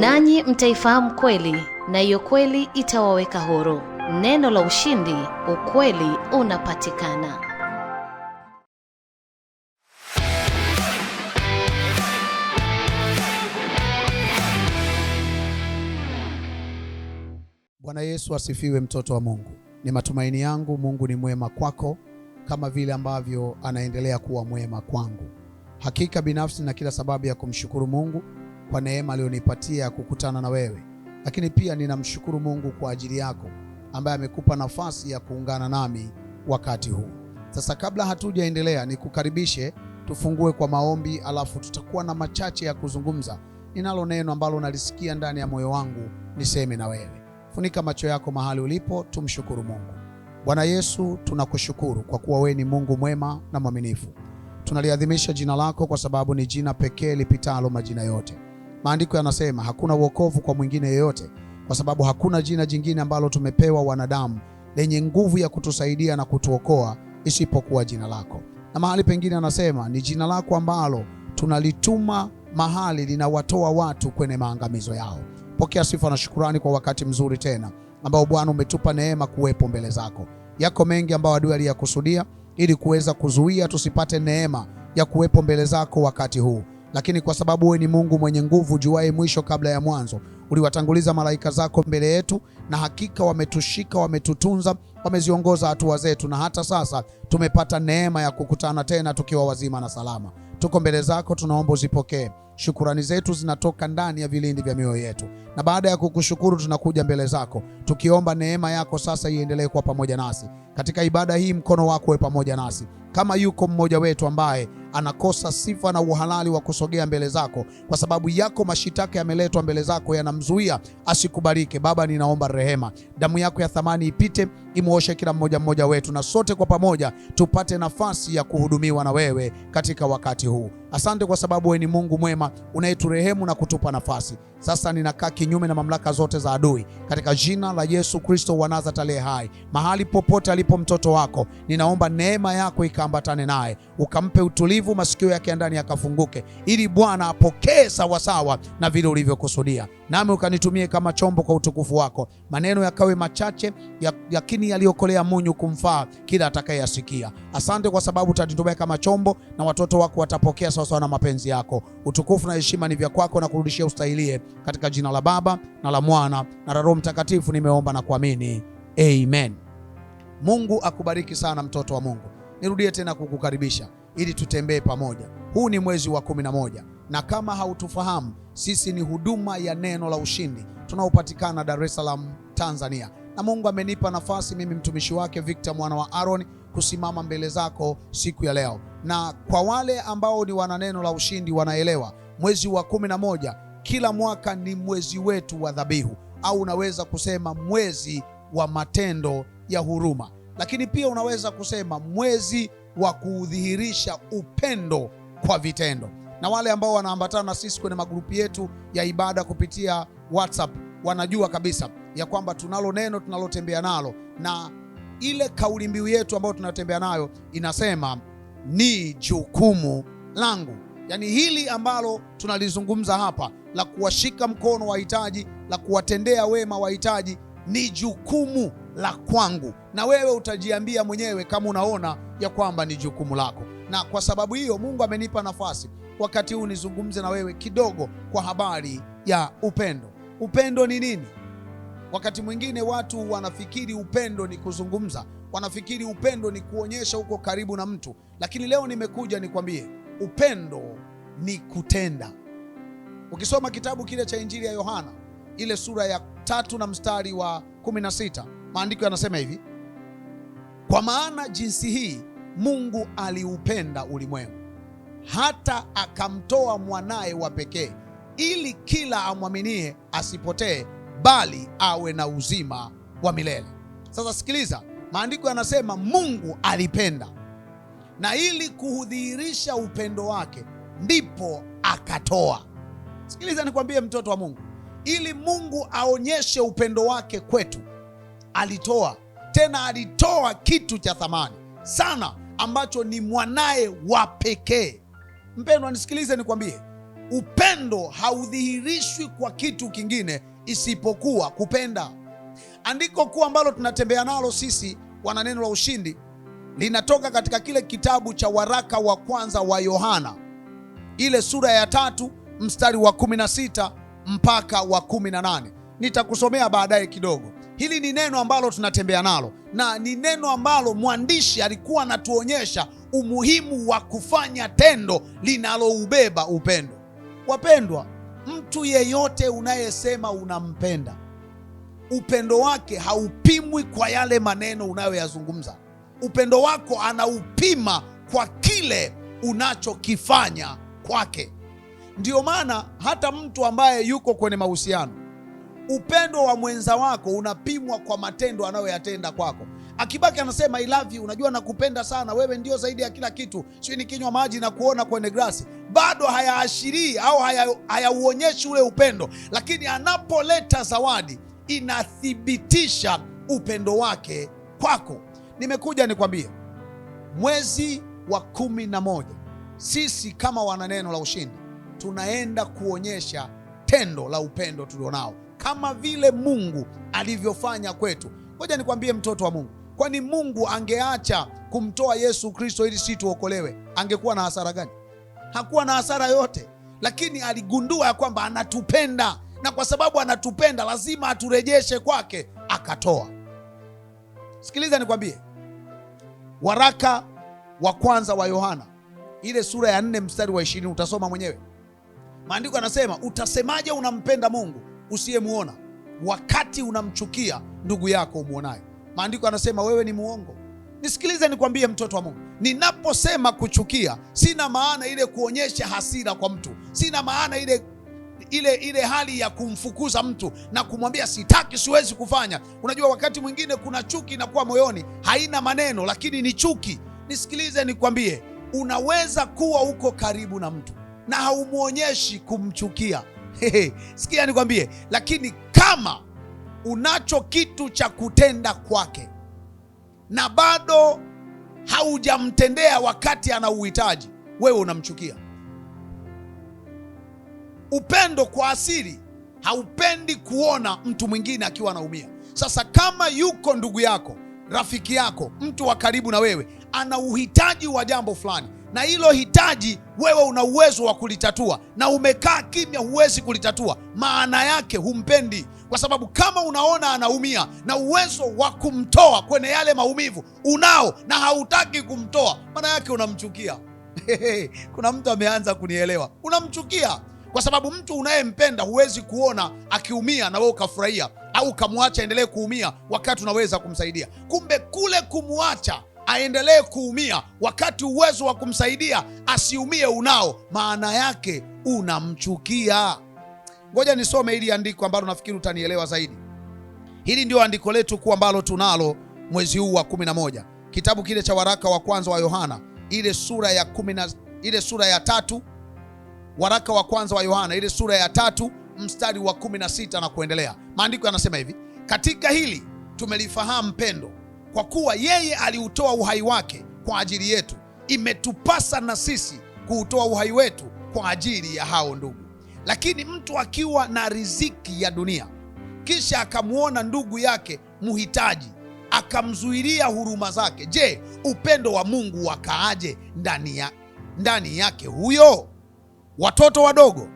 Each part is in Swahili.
Nanyi mtaifahamu kweli na hiyo kweli itawaweka huru. Neno la ushindi, ukweli unapatikana. Bwana Yesu asifiwe, mtoto wa Mungu. Ni matumaini yangu Mungu ni mwema kwako kama vile ambavyo anaendelea kuwa mwema kwangu. Hakika binafsi na kila sababu ya kumshukuru Mungu kwa neema aliyonipatia ya kukutana na wewe, lakini pia ninamshukuru Mungu kwa ajili yako ambaye amekupa nafasi ya kuungana nami wakati huu. Sasa kabla hatujaendelea, nikukaribishe tufungue kwa maombi, alafu tutakuwa na machache ya kuzungumza. Ninalo neno ambalo nalisikia ndani ya moyo wangu niseme na wewe. Funika macho yako mahali ulipo, tumshukuru Mungu. Bwana Yesu, tunakushukuru kwa kuwa wewe ni Mungu mwema na mwaminifu. Tunaliadhimisha jina lako kwa sababu ni jina pekee lipitalo majina yote. Maandiko yanasema hakuna wokovu kwa mwingine yeyote, kwa sababu hakuna jina jingine ambalo tumepewa wanadamu lenye nguvu ya kutusaidia na kutuokoa isipokuwa jina lako. Na mahali pengine anasema ni jina lako ambalo tunalituma mahali linawatoa watu kwenye maangamizo yao. Pokea sifa na shukurani kwa wakati mzuri tena ambao Bwana umetupa neema kuwepo mbele zako. Yako mengi ambayo adui aliyakusudia ili kuweza kuzuia tusipate neema ya kuwepo mbele zako wakati huu, lakini kwa sababu wewe ni Mungu mwenye nguvu, juaye mwisho kabla ya mwanzo, uliwatanguliza malaika zako mbele yetu, na hakika wametushika, wametutunza, wameziongoza hatua zetu, na hata sasa tumepata neema ya kukutana tena tukiwa wazima na salama tuko mbele zako, tunaomba uzipokee. Shukurani zetu zinatoka ndani ya vilindi vya mioyo yetu, na baada ya kukushukuru tunakuja mbele zako tukiomba neema yako sasa iendelee kuwa pamoja nasi katika ibada hii, mkono wako uwe pamoja nasi. Kama yuko mmoja wetu ambaye anakosa sifa na uhalali wa kusogea mbele zako, kwa sababu yako mashitaka yameletwa mbele zako yanamzuia asikubalike, Baba, ninaomba rehema, damu yako ya thamani ipite imuoshe kila mmoja mmoja wetu, na sote kwa pamoja tupate nafasi ya kuhudumiwa na wewe katika wakati huu. Asante kwa sababu wewe ni Mungu mwema unayeturehemu na kutupa nafasi. Sasa ninakaa kinyume na mamlaka zote za adui katika jina la Yesu Kristo wa Nazareti aliye hai. Mahali popote alipo mtoto wako, ninaomba neema yako ikaambatane naye, ukampe utulivu, masikio yake ya ndani yakafunguke, ili Bwana apokee sawasawa na vile ulivyokusudia nami ukanitumie kama chombo kwa utukufu wako. Maneno yakawe machache, lakini yaliyokolea munyu kumfaa kila atakayeyasikia. Asante kwa sababu utanitumia kama chombo, na watoto wako watapokea sawasawa na mapenzi yako. Utukufu na heshima ni vya kwako, na kurudishia ustahilie, katika jina la Baba na la Mwana na la Roho Mtakatifu nimeomba na kuamini, amen. Mungu akubariki sana, mtoto wa Mungu. Nirudie tena kukukaribisha ili tutembee pamoja. Huu ni mwezi wa kumi na moja na kama hautufahamu, sisi ni huduma ya Neno la Ushindi tunaopatikana Dar es Salaam, Tanzania, na Mungu amenipa nafasi mimi mtumishi wake Victor mwana wa Aaron kusimama mbele zako siku ya leo, na kwa wale ambao ni wana Neno la Ushindi wanaelewa mwezi wa kumi na moja kila mwaka ni mwezi wetu wa dhabihu, au unaweza kusema mwezi wa matendo ya huruma, lakini pia unaweza kusema mwezi wa kudhihirisha upendo kwa vitendo na wale ambao wanaambatana na sisi kwenye magrupu yetu ya ibada kupitia WhatsApp wanajua kabisa ya kwamba tunalo neno tunalotembea nalo, na ile kauli mbiu yetu ambayo tunatembea nayo inasema ni jukumu langu, yaani hili ambalo tunalizungumza hapa la kuwashika mkono wahitaji, la kuwatendea wema wahitaji ni jukumu la kwangu, na wewe utajiambia mwenyewe kama unaona ya kwamba ni jukumu lako. Na kwa sababu hiyo Mungu amenipa nafasi wakati huu nizungumze na wewe kidogo kwa habari ya upendo. Upendo ni nini? Wakati mwingine watu wanafikiri upendo ni kuzungumza, wanafikiri upendo ni kuonyesha uko karibu na mtu, lakini leo nimekuja nikwambie upendo ni kutenda. Ukisoma kitabu kile cha Injili ya Yohana ile sura ya tatu na mstari wa 16 Maandiko yanasema hivi, kwa maana jinsi hii Mungu aliupenda ulimwengu hata akamtoa mwanaye wa pekee, ili kila amwaminie asipotee, bali awe na uzima wa milele. Sasa sikiliza, maandiko yanasema Mungu alipenda, na ili kuudhihirisha upendo wake ndipo akatoa. Sikiliza nikwambie, mtoto wa Mungu, ili Mungu aonyeshe upendo wake kwetu alitoa tena, alitoa kitu cha thamani sana ambacho ni mwanaye wa pekee. Mpendwa, nisikilize nikwambie, upendo haudhihirishwi kwa kitu kingine isipokuwa kupenda. Andiko kuu ambalo tunatembea nalo sisi wana neno la ushindi linatoka katika kile kitabu cha waraka wa kwanza wa Yohana ile sura ya tatu mstari wa 16 mpaka wa 18. Nitakusomea baadaye kidogo. Hili ni neno ambalo tunatembea nalo na ni neno ambalo mwandishi alikuwa anatuonyesha umuhimu wa kufanya tendo linaloubeba upendo. Wapendwa, mtu yeyote unayesema unampenda, upendo wake haupimwi kwa yale maneno unayoyazungumza. Upendo wako anaupima kwa kile unachokifanya kwake. Ndiyo maana hata mtu ambaye yuko kwenye mahusiano Upendo wa mwenza wako unapimwa kwa matendo anayoyatenda kwako. Akibaki anasema I love you, unajua nakupenda sana wewe, ndio zaidi ya kila kitu, sio nikinywa maji na kuona kwenye grasi, bado hayaashirii au hayauonyeshi haya ule upendo, lakini anapoleta zawadi inathibitisha upendo wake kwako. Nimekuja nikwambie, mwezi wa kumi na moja sisi kama wana Neno la Ushindi tunaenda kuonyesha tendo la upendo tulionao kama vile Mungu alivyofanya kwetu. Ngoja nikwambie mtoto wa Mungu, kwani Mungu angeacha kumtoa Yesu Kristo ili si tuokolewe, angekuwa na hasara gani? Hakuwa na hasara yote, lakini aligundua ya kwamba anatupenda, na kwa sababu anatupenda lazima aturejeshe kwake, akatoa. Sikiliza nikwambie, waraka wa kwanza wa Yohana ile sura ya nne mstari wa ishirini utasoma mwenyewe. Maandiko anasema, utasemaje unampenda Mungu usiyemwona, wakati unamchukia ndugu yako umwonaye. Maandiko anasema wewe ni muongo. Nisikilize nikwambie, mtoto wa Mungu, ninaposema kuchukia, sina maana ile kuonyesha hasira kwa mtu, sina maana ile ile ile hali ya kumfukuza mtu na kumwambia sitaki, siwezi kufanya. Unajua, wakati mwingine kuna chuki inakuwa moyoni, haina maneno, lakini ni chuki. Nisikilize nikwambie, unaweza kuwa uko karibu na mtu na haumwonyeshi kumchukia Sikia nikwambie, lakini kama unacho kitu cha kutenda kwake na bado haujamtendea wakati ana uhitaji, wewe unamchukia. Upendo kwa asili haupendi kuona mtu mwingine akiwa anaumia. Sasa kama yuko ndugu yako, rafiki yako, mtu wa karibu na wewe ana uhitaji wa jambo fulani na hilo hitaji wewe una uwezo wa kulitatua, na umekaa kimya, huwezi kulitatua, maana yake humpendi. Kwa sababu kama unaona anaumia na uwezo wa kumtoa kwenye yale maumivu unao, na hautaki kumtoa, maana yake unamchukia. Kuna mtu ameanza kunielewa, unamchukia kwa sababu mtu unayempenda huwezi kuona akiumia na wewe ukafurahia, au ukamwacha endelee kuumia wakati unaweza kumsaidia. Kumbe kule kumwacha aendelee kuumia, wakati uwezo wa kumsaidia asiumie unao, maana yake unamchukia. Ngoja nisome hili andiko ambalo nafikiri utanielewa zaidi. Hili ndio andiko letu kuu ambalo tunalo mwezi huu wa 11, kitabu kile cha waraka wa kwanza wa Yohana ile sura ya kumi na ile sura ya tatu, waraka wa kwanza wa Yohana ile sura ya tatu mstari wa 16 na kuendelea. Maandiko yanasema hivi: katika hili tumelifahamu pendo kwa kuwa yeye aliutoa uhai wake kwa ajili yetu, imetupasa na sisi kuutoa uhai wetu kwa ajili ya hao ndugu. Lakini mtu akiwa na riziki ya dunia, kisha akamwona ndugu yake mhitaji, akamzuilia huruma zake, je, upendo wa Mungu wakaaje ndani ya, ndani yake huyo? Watoto wadogo,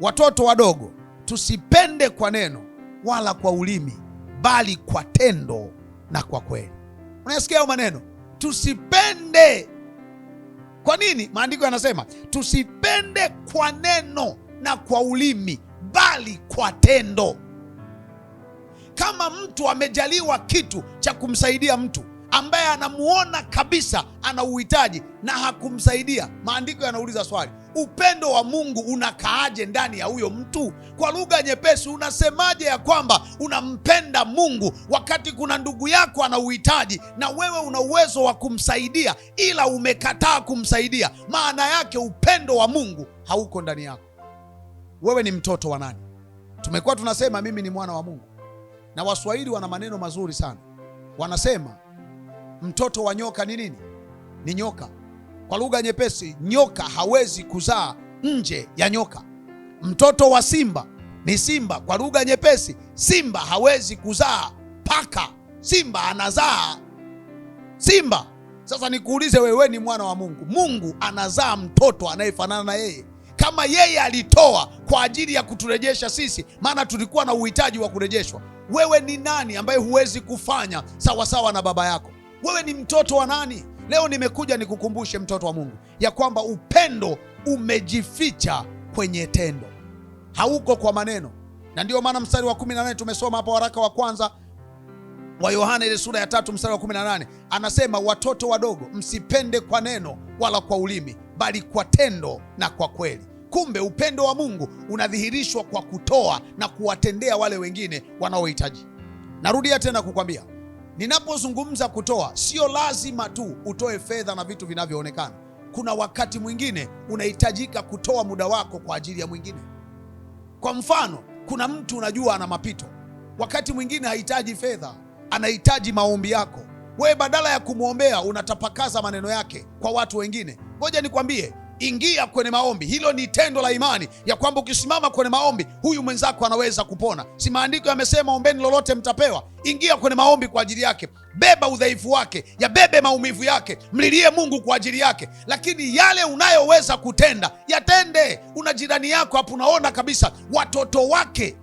watoto wadogo, tusipende kwa neno wala kwa ulimi, bali kwa tendo na kwa kweli. Unasikia hayo maneno, tusipende. Kwa nini? Maandiko yanasema tusipende kwa neno na kwa ulimi, bali kwa tendo. Kama mtu amejaliwa kitu cha kumsaidia mtu ambaye anamuona kabisa ana uhitaji na hakumsaidia, maandiko yanauliza swali upendo wa Mungu unakaaje ndani ya huyo mtu? Kwa lugha nyepesi, unasemaje ya kwamba unampenda Mungu wakati kuna ndugu yako ana uhitaji na wewe una uwezo wa kumsaidia, ila umekataa kumsaidia? Maana yake upendo wa Mungu hauko ndani yako. Wewe ni mtoto wa nani? Tumekuwa tunasema mimi ni mwana wa Mungu, na Waswahili wana maneno mazuri sana, wanasema mtoto wa nyoka ni nini? Ni nyoka. Kwa lugha nyepesi, nyoka hawezi kuzaa nje ya nyoka. Mtoto wa simba ni simba. Kwa lugha nyepesi, simba hawezi kuzaa paka, simba anazaa simba. Sasa nikuulize wewe, ni mwana wa Mungu, Mungu anazaa mtoto anayefanana na yeye. Kama yeye alitoa kwa ajili ya kuturejesha sisi, maana tulikuwa na uhitaji wa kurejeshwa, wewe ni nani ambaye huwezi kufanya sawasawa na baba yako? Wewe ni mtoto wa nani? Leo nimekuja nikukumbushe mtoto wa Mungu ya kwamba upendo umejificha kwenye tendo, hauko kwa maneno. Na ndiyo maana mstari wa 18 tumesoma hapa, waraka wa kwanza wa Yohana ile sura ya tatu mstari wa 18 anasema, watoto wadogo, msipende kwa neno wala kwa ulimi, bali kwa tendo na kwa kweli. Kumbe upendo wa Mungu unadhihirishwa kwa kutoa na kuwatendea wale wengine wanaohitaji. Narudia tena kukwambia Ninapozungumza kutoa, sio lazima tu utoe fedha na vitu vinavyoonekana. Kuna wakati mwingine unahitajika kutoa muda wako kwa ajili ya mwingine. Kwa mfano, kuna mtu unajua ana mapito, wakati mwingine hahitaji fedha, anahitaji maombi yako. Wewe badala ya kumwombea unatapakaza maneno yake kwa watu wengine. Ngoja nikwambie, ingia kwenye maombi. Hilo ni tendo la imani ya kwamba ukisimama kwenye maombi, huyu mwenzako anaweza kupona. Si maandiko yamesema, ombeni lolote mtapewa? Ingia kwenye maombi kwa ajili yake, beba udhaifu wake, yabebe maumivu yake, mlilie Mungu kwa ajili yake. Lakini yale unayoweza kutenda yatende. Una jirani yako hapo, unaona kabisa watoto wake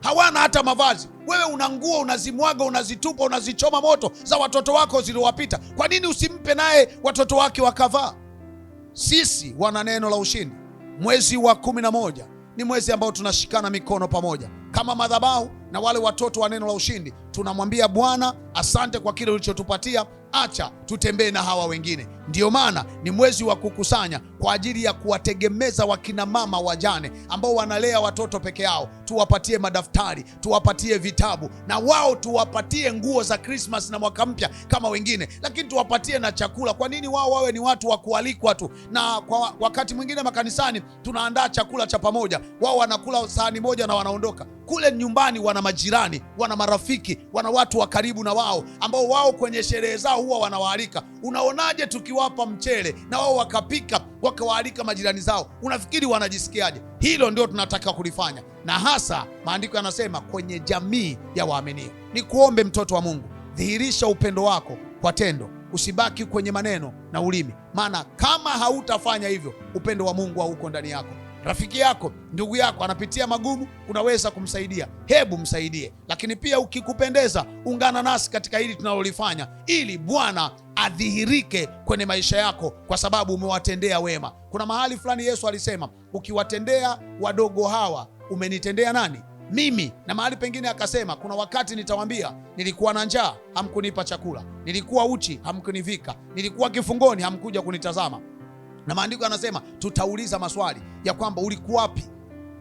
hawana hata mavazi. Wewe una nguo unazimwaga, unazitupa, unazichoma moto za watoto wako ziliowapita. Kwa nini usimpe naye watoto wake wakavaa? Sisi wana neno la ushindi. Mwezi wa kumi na moja ni mwezi ambao tunashikana mikono pamoja kama madhabahu na wale watoto wa neno la ushindi, tunamwambia Bwana asante kwa kile ulichotupatia acha tutembee na hawa wengine. Ndiyo maana ni mwezi wa kukusanya kwa ajili ya kuwategemeza wakinamama wajane ambao wanalea watoto peke yao, tuwapatie madaftari, tuwapatie vitabu, na wao tuwapatie nguo za Krismas na mwaka mpya kama wengine, lakini tuwapatie na chakula. Kwa nini wao wawe ni watu wa kualikwa tu? Na kwa wakati mwingine makanisani tunaandaa chakula cha pamoja, wao wanakula sahani moja na wanaondoka kule nyumbani. Wana majirani, wana marafiki, wana watu wa karibu na wao ambao wao kwenye sherehe zao huwa wanawaalika. Unaonaje tukiwapa mchele na wao wakapika wakawaalika majirani zao? Unafikiri wanajisikiaje? Hilo ndio tunataka kulifanya, na hasa maandiko yanasema kwenye jamii ya waaminio. Ni kuombe mtoto wa Mungu, dhihirisha upendo wako kwa tendo, usibaki kwenye maneno na ulimi, maana kama hautafanya hivyo upendo wa Mungu hauko ndani yako. Rafiki yako, ndugu yako anapitia magumu, unaweza kumsaidia, hebu msaidie. Lakini pia ukikupendeza, ungana nasi katika hili tunalolifanya, ili Bwana adhihirike kwenye maisha yako, kwa sababu umewatendea wema. Kuna mahali fulani Yesu alisema, ukiwatendea wadogo hawa umenitendea nani? mimi na mahali pengine akasema, kuna wakati nitawambia, nilikuwa na njaa hamkunipa chakula, nilikuwa uchi hamkunivika, nilikuwa kifungoni hamkuja kunitazama na maandiko yanasema tutauliza maswali ya kwamba ulikuwa wapi?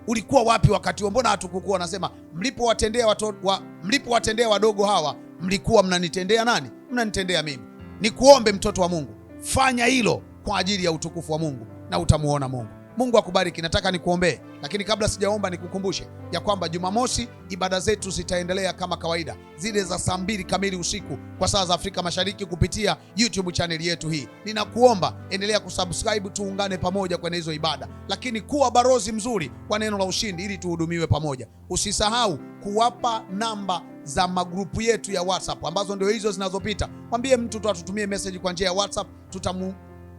Ulikuwa wapi wakati huo? Mbona hatukukuwa? Anasema mlipowatendea wa, mlipowatendea wadogo hawa mlikuwa mnanitendea nani? Mnanitendea mimi. Nikuombe mtoto wa Mungu, fanya hilo kwa ajili ya utukufu wa Mungu na utamuona Mungu. Mungu akubariki. Nataka nikuombee, lakini kabla sijaomba nikukumbushe ya kwamba Jumamosi ibada zetu zitaendelea kama kawaida, zile za saa mbili kamili usiku kwa saa za Afrika Mashariki kupitia YouTube chaneli yetu hii. Ninakuomba endelea kusubscribe, tuungane pamoja kwenye hizo ibada, lakini kuwa barozi mzuri kwa neno la ushindi ili tuhudumiwe pamoja. Usisahau kuwapa namba za magrupu yetu ya WhatsApp ambazo ndio hizo zinazopita. Mwambie mtu tu atutumie message kwa njia ya WhatsApp tutamu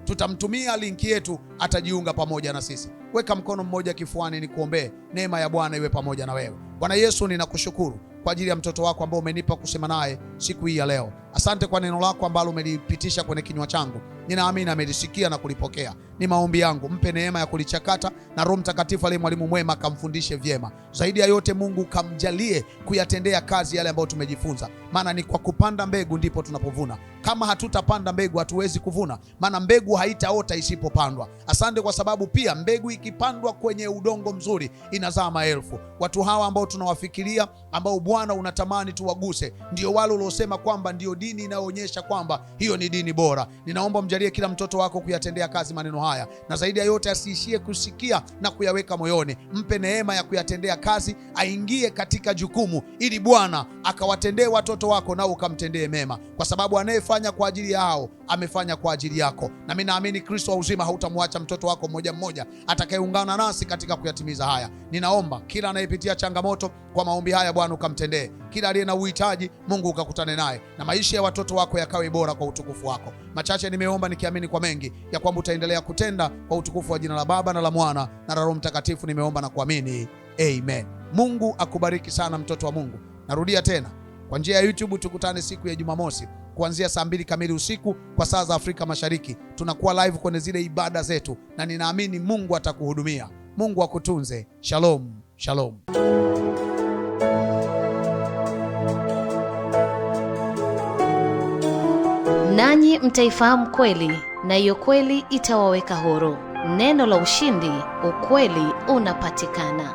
tutamtumia linki yetu, atajiunga pamoja na sisi. Weka mkono mmoja kifuani, ni kuombee neema ya Bwana iwe pamoja na wewe. Bwana Yesu, ninakushukuru kwa ajili ya mtoto wako ambao umenipa kusema naye siku hii ya leo. Asante kwa neno lako ambalo umelipitisha kwenye kinywa changu, ninaamini amelisikia na kulipokea. Ni maombi yangu, mpe neema ya kulichakata na Roho Mtakatifu aliye mwalimu mwema akamfundishe vyema. Zaidi ya yote, Mungu kamjalie kuyatendea kazi yale ambayo tumejifunza, maana ni kwa kupanda mbegu ndipo tunapovuna. Kama hatutapanda mbegu, hatuwezi kuvuna, maana mbegu haitaota isipopandwa. Asante kwa sababu pia mbegu ikipandwa kwenye udongo mzuri inazaa maelfu. Watu hawa ambao tunawafikiria, ambao Bwana unatamani tuwaguse, ndio wale uliosema kwamba ndio dini inayoonyesha kwamba hiyo ni dini bora. Ninaomba mjalie kila mtoto wako kuyatendea kazi maneno haya, na zaidi ya yote asiishie kusikia na kuyaweka moyoni. Mpe neema ya kuyatendea kazi, aingie katika jukumu, ili Bwana akawatendee watoto wako, nao ukamtendee mema, kwa sababu anayefanya kwa ajili yao amefanya kwa ajili yako. Na mimi naamini Kristo wa uzima hautamwacha mtoto wako mmoja mmoja atakayeungana nasi katika kuyatimiza haya. Ninaomba kila anayepitia changamoto kwa maombi haya Bwana ukamtendee kila aliye na uhitaji, Mungu ukakutane naye na maisha ya watoto wako yakawe bora kwa utukufu wako. Machache nimeomba nikiamini kwa mengi ya kwamba utaendelea kutenda kwa utukufu wa jina la Baba na la Mwana na la Roho Mtakatifu. Nimeomba na kuamini, amen. Mungu akubariki sana mtoto wa Mungu. Narudia tena kwa njia ya YouTube, tukutane siku ya Jumamosi kuanzia saa mbili kamili usiku kwa saa za Afrika Mashariki. Tunakuwa live kwenye zile ibada zetu, na ninaamini Mungu atakuhudumia. Mungu akutunze. Shalom, shalom. nanyi mtaifahamu kweli, na hiyo kweli itawaweka huru. Neno la ushindi, ukweli unapatikana.